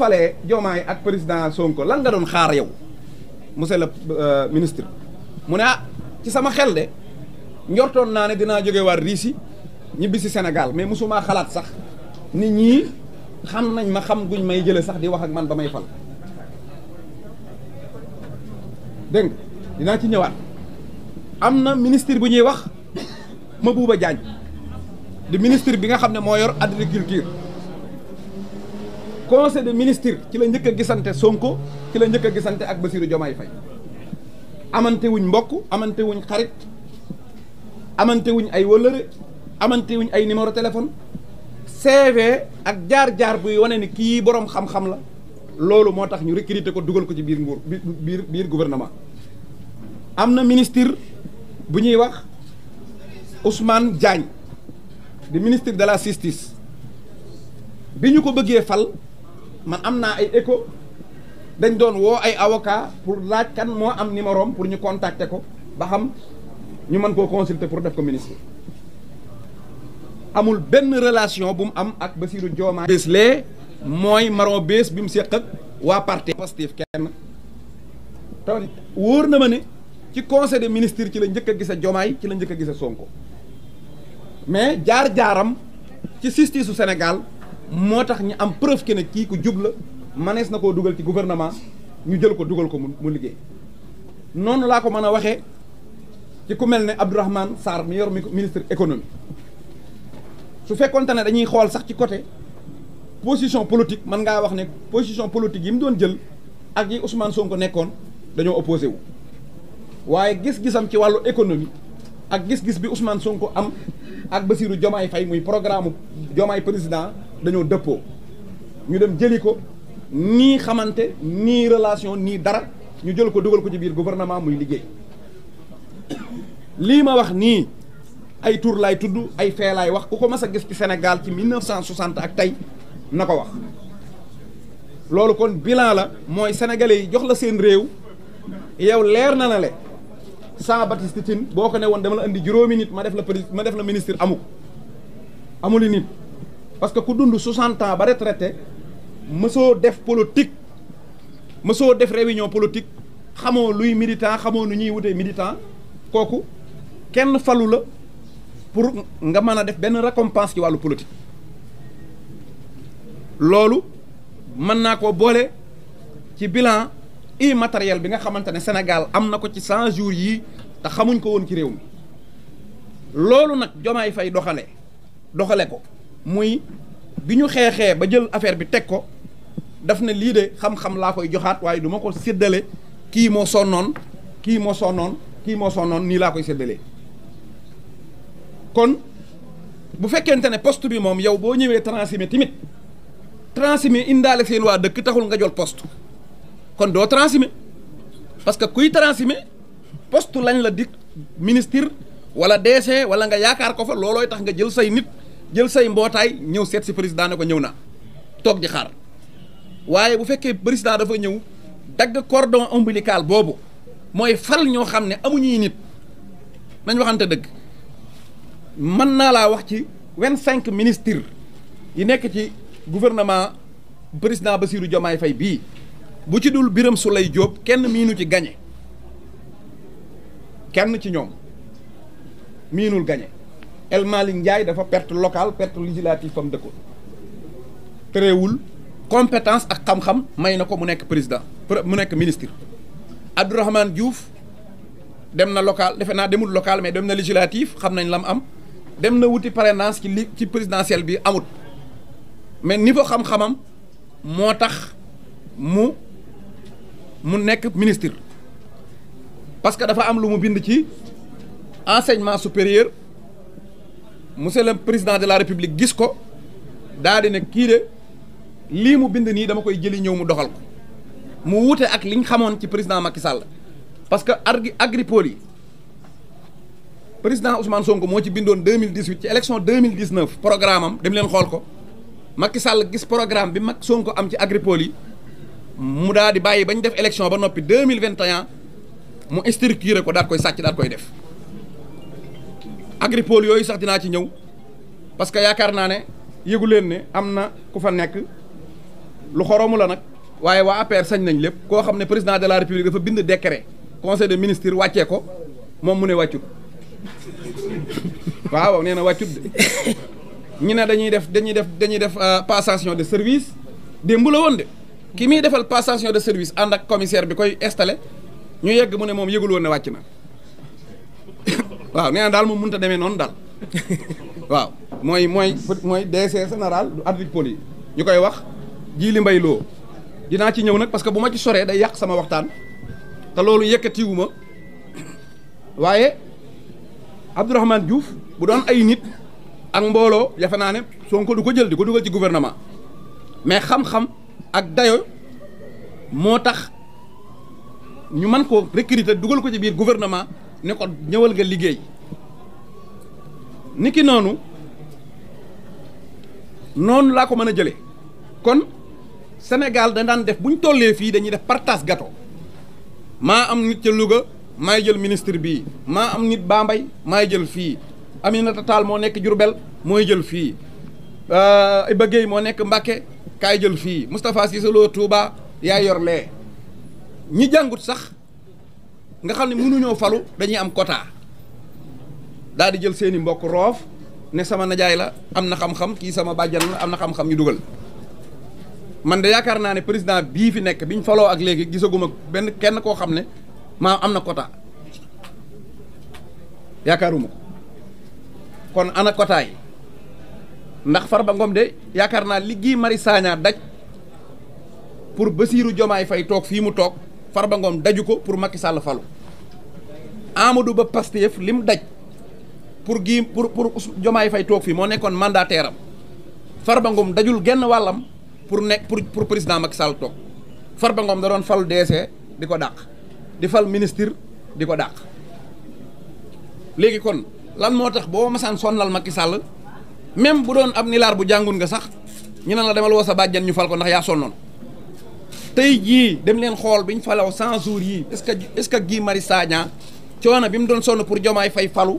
falee Diomaye ak président Sonko lan nga doon xaar yow monsieur le euh, ministre mu ne ah ci sama xel de njortoon naa ne dinaa jóge waar Russie ñibbi si Sénégal mais mosumaa xalaat sax nit ñi xam nañ ma xam guñ may jële sax di wax ak man ba may fal dégg nga dinaa ci ñëwaat am na ministre bu ñuy wax ma Mabouba Diagne di ministre bi nga xam ne moo yor agriculture conseil de ministre ci la njëkk a gisante Sonko ci la njëkk a gisante ak Bassirou Diomaye Faye amantewuñ mbokk amante wuñ xarit amante wuñ ay wëllëre amante wuñ ay numéro téléphone CV ak jaar-jaar buy wane ni kii borom xam-xam la loolu moo tax ñu recruter ko dugal ko ci biir nguur biir biir gouvernement am na ministre bu ñuy wax Ousmane Diagne di ministre de la justice bi ñu ko bëggee fal man am naa ay écho dañ doon woo ay avocat pour laaj kan moo am numéro am pour ñu contacter ko ba xam ñu mën koo consulter pour def ko ministre amul benn relation bu mu am ak Bassirou Diomaye bés lee mooy maron bés bi mu séq ak waa parti Pastef kenn taw wóor na ma ne ci conseil des ministres ci la njëkk a gis a Diomaye ci la njëkk a gis a Sonko mais jaar-jaaram ci sistisu su Sénégal moo tax ñu am preuve que ne kii ku jubla manees na koo dugal ci gouvernement ñu jël ko dugal ko mu mu liggéey noonu laa ko mën a waxee ci ku mel ne Abdourahmane Sarr mi ko ministre économie su fekkonte ne dañuy xool sax ci côté position politique mën ngaa wax ne position politique yi mu doon jël ak yi Ousmane ko nekkoon dañoo opposé wu waaye gis-gisam ci wàllu économie ak gis-gis bi Ousmane ko am ak Bassirou Diomaye fay muy programme Diomaye président dañoo dëppoo ñu dem jëli ko nii xamante nii relation nii dara ñu jël ko dugal ko ci biir gouvernement muy liggéey lii ma wax nii ay tur laay tudd ay fee wax ku ko mas a gis ci senegal ci 1960 ak tey na ko wax loolu kon bilan la mooy sénégalais yi jox la seen réew yow leer na na le Jean Baptiste Tine boo ko ne woon dama la indi juróomi nit ma def la ma def la ministir amuk amuli nit parce que ku dund 60 ans ba retraité mësoo def politique mësoo def réunion politique xamoo luy militant xamoo nu ñuy wutee militant kooku kenn falu la pour nga mën a def benn récompense ci wàllu politique loolu mën naa ko boole ci bilan immatériel bi nga xamante ne Sénégal am na ko ci 100 jours yii te xamuñ ko woon ci réew mi loolu nag Jomaay Fay doxale doxale ko muy bi ñu xeexee ba jël affaire bi teg ko daf ne lii de xam-xam laa koy joxaat waaye du ma ko séddale kii moo sonnoon kii moo sonnoon kii moo sonnoon nii laa koy séddalee kon bu fekkente ne poste bi moom yow boo ñëwee transhumé tamit transhumé indaale seen waa dëkk taxul nga jol poste kon doo transhumé parce que kuy transhumé poste lañ la di ministre wala DC wala nga yaakaar ko fa loolooy tax nga jël say nit. jël say mbootaay ñëw seet si président ne ko ñëw na toog ji xaar waaye bu fekkee président dafa ñëw dagg cordon ombilical boobu mooy fal ñoo xam ne amuñuy nit nañ waxante dëgg mën naa laa wax ci vingt cinq ministres yi nekk ci gouvernement ba Bassirou Diomaye fay bii bu ci dul Birame Souleye Diop kenn miinu ci gañe kenn ci ñoom miinul gañe El Malick Ndiaye dafa perte locale perte législative fam dëkkoon terewul compétence ak xam-xam may na ko mu nekk président mu nekk ministre Abdourahmane Diouf dem na local defe naa demul local mais dem na législative xam nañ lam am dem na wuti parrainage ci li ci présidentielle bi amut mais niveau xam-xamam moo tax mu mu nekk ministre parce que dafa am lu mu bind ci enseignement supérieur monsieur le président de la république gis ko daa di ne kii de lii mu bind nii dama koy jëli ñëw mu doxal ko mu wuute ak liñ xamoon ci président Macky Sall parce que agri agripole yi président Ousmane Sonko moo ci bindoon deux mille dix huit ci élection deux mille dix neuf programme am dem leen xool ko Macky Sall gis programme bi Macky Sonko am ci agripole yi mu daa di bàyyi ba ñu def élection ba noppi deux mille vingt et un mu ko daal koy sàcc daal koy def. agripole yooyu sax dinaa ci ñëw parce que yaakaar naa ne yëgu leen ne am na ku fa nekk lu xoromu la nag waaye waa APR sañ nañ lépp koo xam ne président de la république dafa bind décret conseil des ministres wàccee ko moom mu ne wàccut waaw nee na wàccut de ñu ne dañuy def dañuy def dañuy def euh, passation de service démb la woon de ki muy defal passation de service ànd ak commissaire bi koy installé ñu yegg mu ne moom yëgul woon ne wàcc na waaw nee na daal moom mënut a demee noonu daal waaw mooy mooy mooy DC général du agriculture yi ñu koy wax Djily Mbaye Lo dinaa ci ñëw nag parce que bu ma ci soree day yàq sama waxtaan te loolu yëkkatiwu ma waaye Abdourahmane Diouf bu doon ay nit ak mbooloo yafe naa ne Sonko du ko jël di ko dugal ci gouvernement mais xam-xam ak dayo moo tax ñu mën ko recruter dugal ko ci biir gouvernement ni ko ñëwal nga liggéey niki noonu noonu laa ko mën a jële kon Sénégal da daan def bu ñu tollee fii dañuy def partage gâteau maa am nit ca Louga maay jël ministre bii maa am nit Bambey maay jël fii Aminata Tall moo nekk Diourbel mooy jël fii euh, Iba Guèye moo nekk Mbacké kaay jël fii Moustapha Cissé Lo Touba yaa yor lee ñi jàngut sax nga xam ne mënuñoo falu dañuy am quota daal di jël seeni mbokk roof ne sama najaay la am na xam-xam kii sama bàjjan la am na xam-xam ñu dugal man de yaakaar naa ne président bii fi nekk bi ñu faloo ak léegi gisaguma benn kenn koo xam ne maa am na quota yaakaaruma ko kon ana quota yi ndax ba Ngom de yaakaar naa liggéey Mari Sagna daj pour Bassirou jomaay fay toog fii mu toog Farba Ngom daju ko pour Macky Sall falu Amadou Ba Pastef li mu daj pour gii pour pour Jomaay Fay toog fii moo nekkoon mandataire am Farba dajul genn wàllam pour nekk pour pour président Macky Sall toog Farba Ngom da doon falu DC di ko dàq di fal ministre di ko dàq léegi kon lan moo tax boo masaan sonnal Macky sàll même bu doon ab nilaar bu jàngun nga sax ñu ne la demal woo sa bàjjan ñu fal ko ndax yaa sonnoon tey jii dem leen xool biñ falaw 100 jours yii est-ce que est-ce que Guy Marius Sagna coono bi mu doon sonn pour Diomaye Faye falu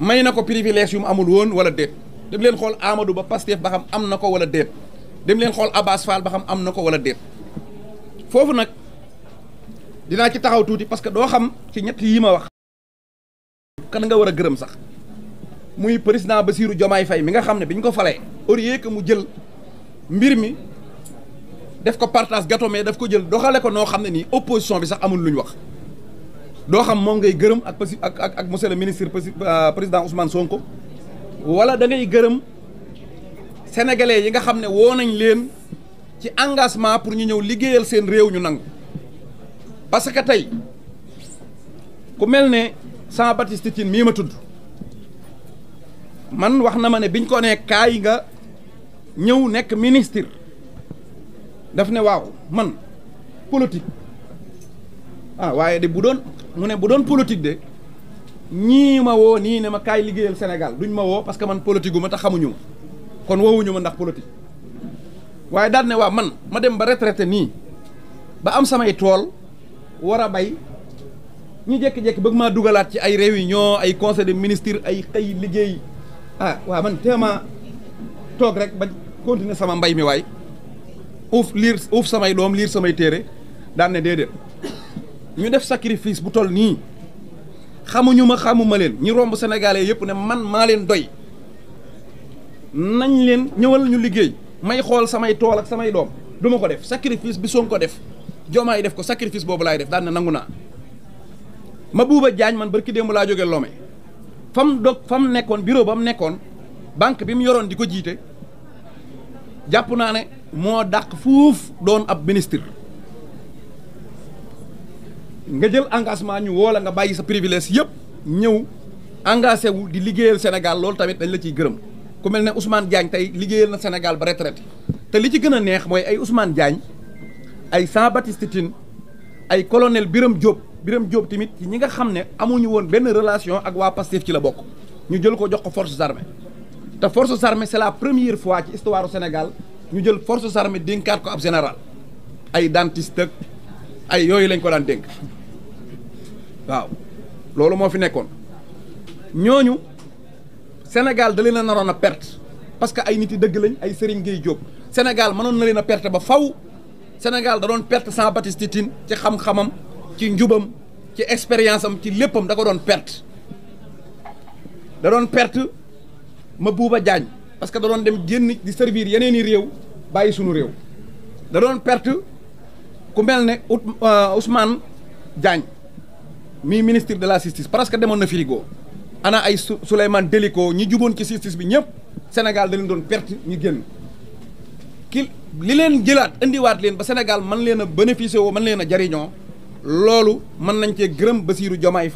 may na ko privilège yu mu amul woon wala déet dem leen xool Amadou Ba Pastef ba xam am na ko wala déet dem leen xool Abass Fall ba xam am na ko wala déet foofu nag dinaa ci taxaw tuuti parce que doo xam ci ñett yi ma wax kan nga war a gërëm sax muy président Bassirou Diomaye fay mi nga xam ne bi ko falee au lieu que mu jël mbir mi def ko partage gato mais daf ko jël doxale ko noo xam ne nii opposition bi sax amul lu ñu wax doo xam moom ngay gërëm ak pasi ak ak ak monsieur le ministre euh, président Ousmane Sonko wala dangay gërëm sénégalais yi nga xam ne woo nañ leen ci engagement pour ñu ñëw liggéeyal seen réew ñu nangu parce que tey ku mel ne Jean Baptiste Tine mii ma tudd man wax na ma ne biñ ko nee kaay nga ñëw nekk ministre. daf ne waaw man politique ah waaye de bu doon mu ne bu doon politique de ñii ma woo nii ne ma kaay liggéeyal Sénégal duñ ma woo parce que man politique gu ma tax xamuñu ma kon woowuñu ma ndax politique waaye daal ne waaw man ma dem ba retraité nii ba am samay tool war a bay ñu jékki-jékki bëgg maa dugalaat ci ay réunion ay conseil des ministres ay xëy liggéey ah waaw man téema toog rek ba continuer sama mbay mi waay uuf liir uuf samay doom liir samay téere daan ne déedéet ñu def sacrifice bu toll nii xamuñu ma xamuma leen ñi romb sénégalais yëpp ne man maa leen doy nañ leen ñëwal ñu liggéey may xool samay tool ak samay doom duma ko def sacrifice bi Sonko ko def Diomaye def ko sacrifice boobu laay def daan ne nangu naa Mabouba jaañ man barki démb laa jógee Lomé fam dog fa mu nekkoon bureau ba mu nekkoon banque bi mu yoroon di ko jiite jàpp naa ne moo dàq fuuf doon ab ministre nga jël engagement ñu woo la nga bàyyi sa privilège yëpp ñëw engagé wu di liggéeyal Sénégal loolu tamit dañ la ciy gërëm ku mel ne Ousmane Diagne tey liggéeyal na Sénégal ba retraité te li ci gën a neex mooy ay Ousmane Diagne ay Jean Baptiste ay colonel biram Diop Birame Diop tamit ci ñi nga xam ne amuñu woon benn relation ak waa Pastef ci la bokk ñu jël ko jox ko forces armées te forces armées c'est la première fois ci histoire du Sénégal ñu jël forces armées dénkaat ko ab général ay dentiste ay yooyu lañ ko daan dénk waaw loolu moo fi nekkoon ñooñu Sénégal da leen a naroon a perte parce que ay nit yi dëgg lañ ay Serigne Gueye Diop Sénégal mënoon na leen a perte ba faw Sénégal da doon perte Jean Baptiste Tine ci xam-xamam ci njubam ci expérience am ci léppam da ko doon perte da doon perte Mabouba jaañ parce que da doon dem génn di servir yeneen i réew bàyyi sunu réew da doon perte ku mel ne euh, Ousmane Diagne mi ministre de la justice parce que demoon na frigo ana ay Souleymane Delico ñi juboon ci justice bi ñëpp Sénégal da doon perte ñu génn ki li leen jëlaat indiwaat leen ba Sénégal man leen a bénéficier woo mën leen a jariñoo loolu mën nañ cee gërëm Basirou Diomaye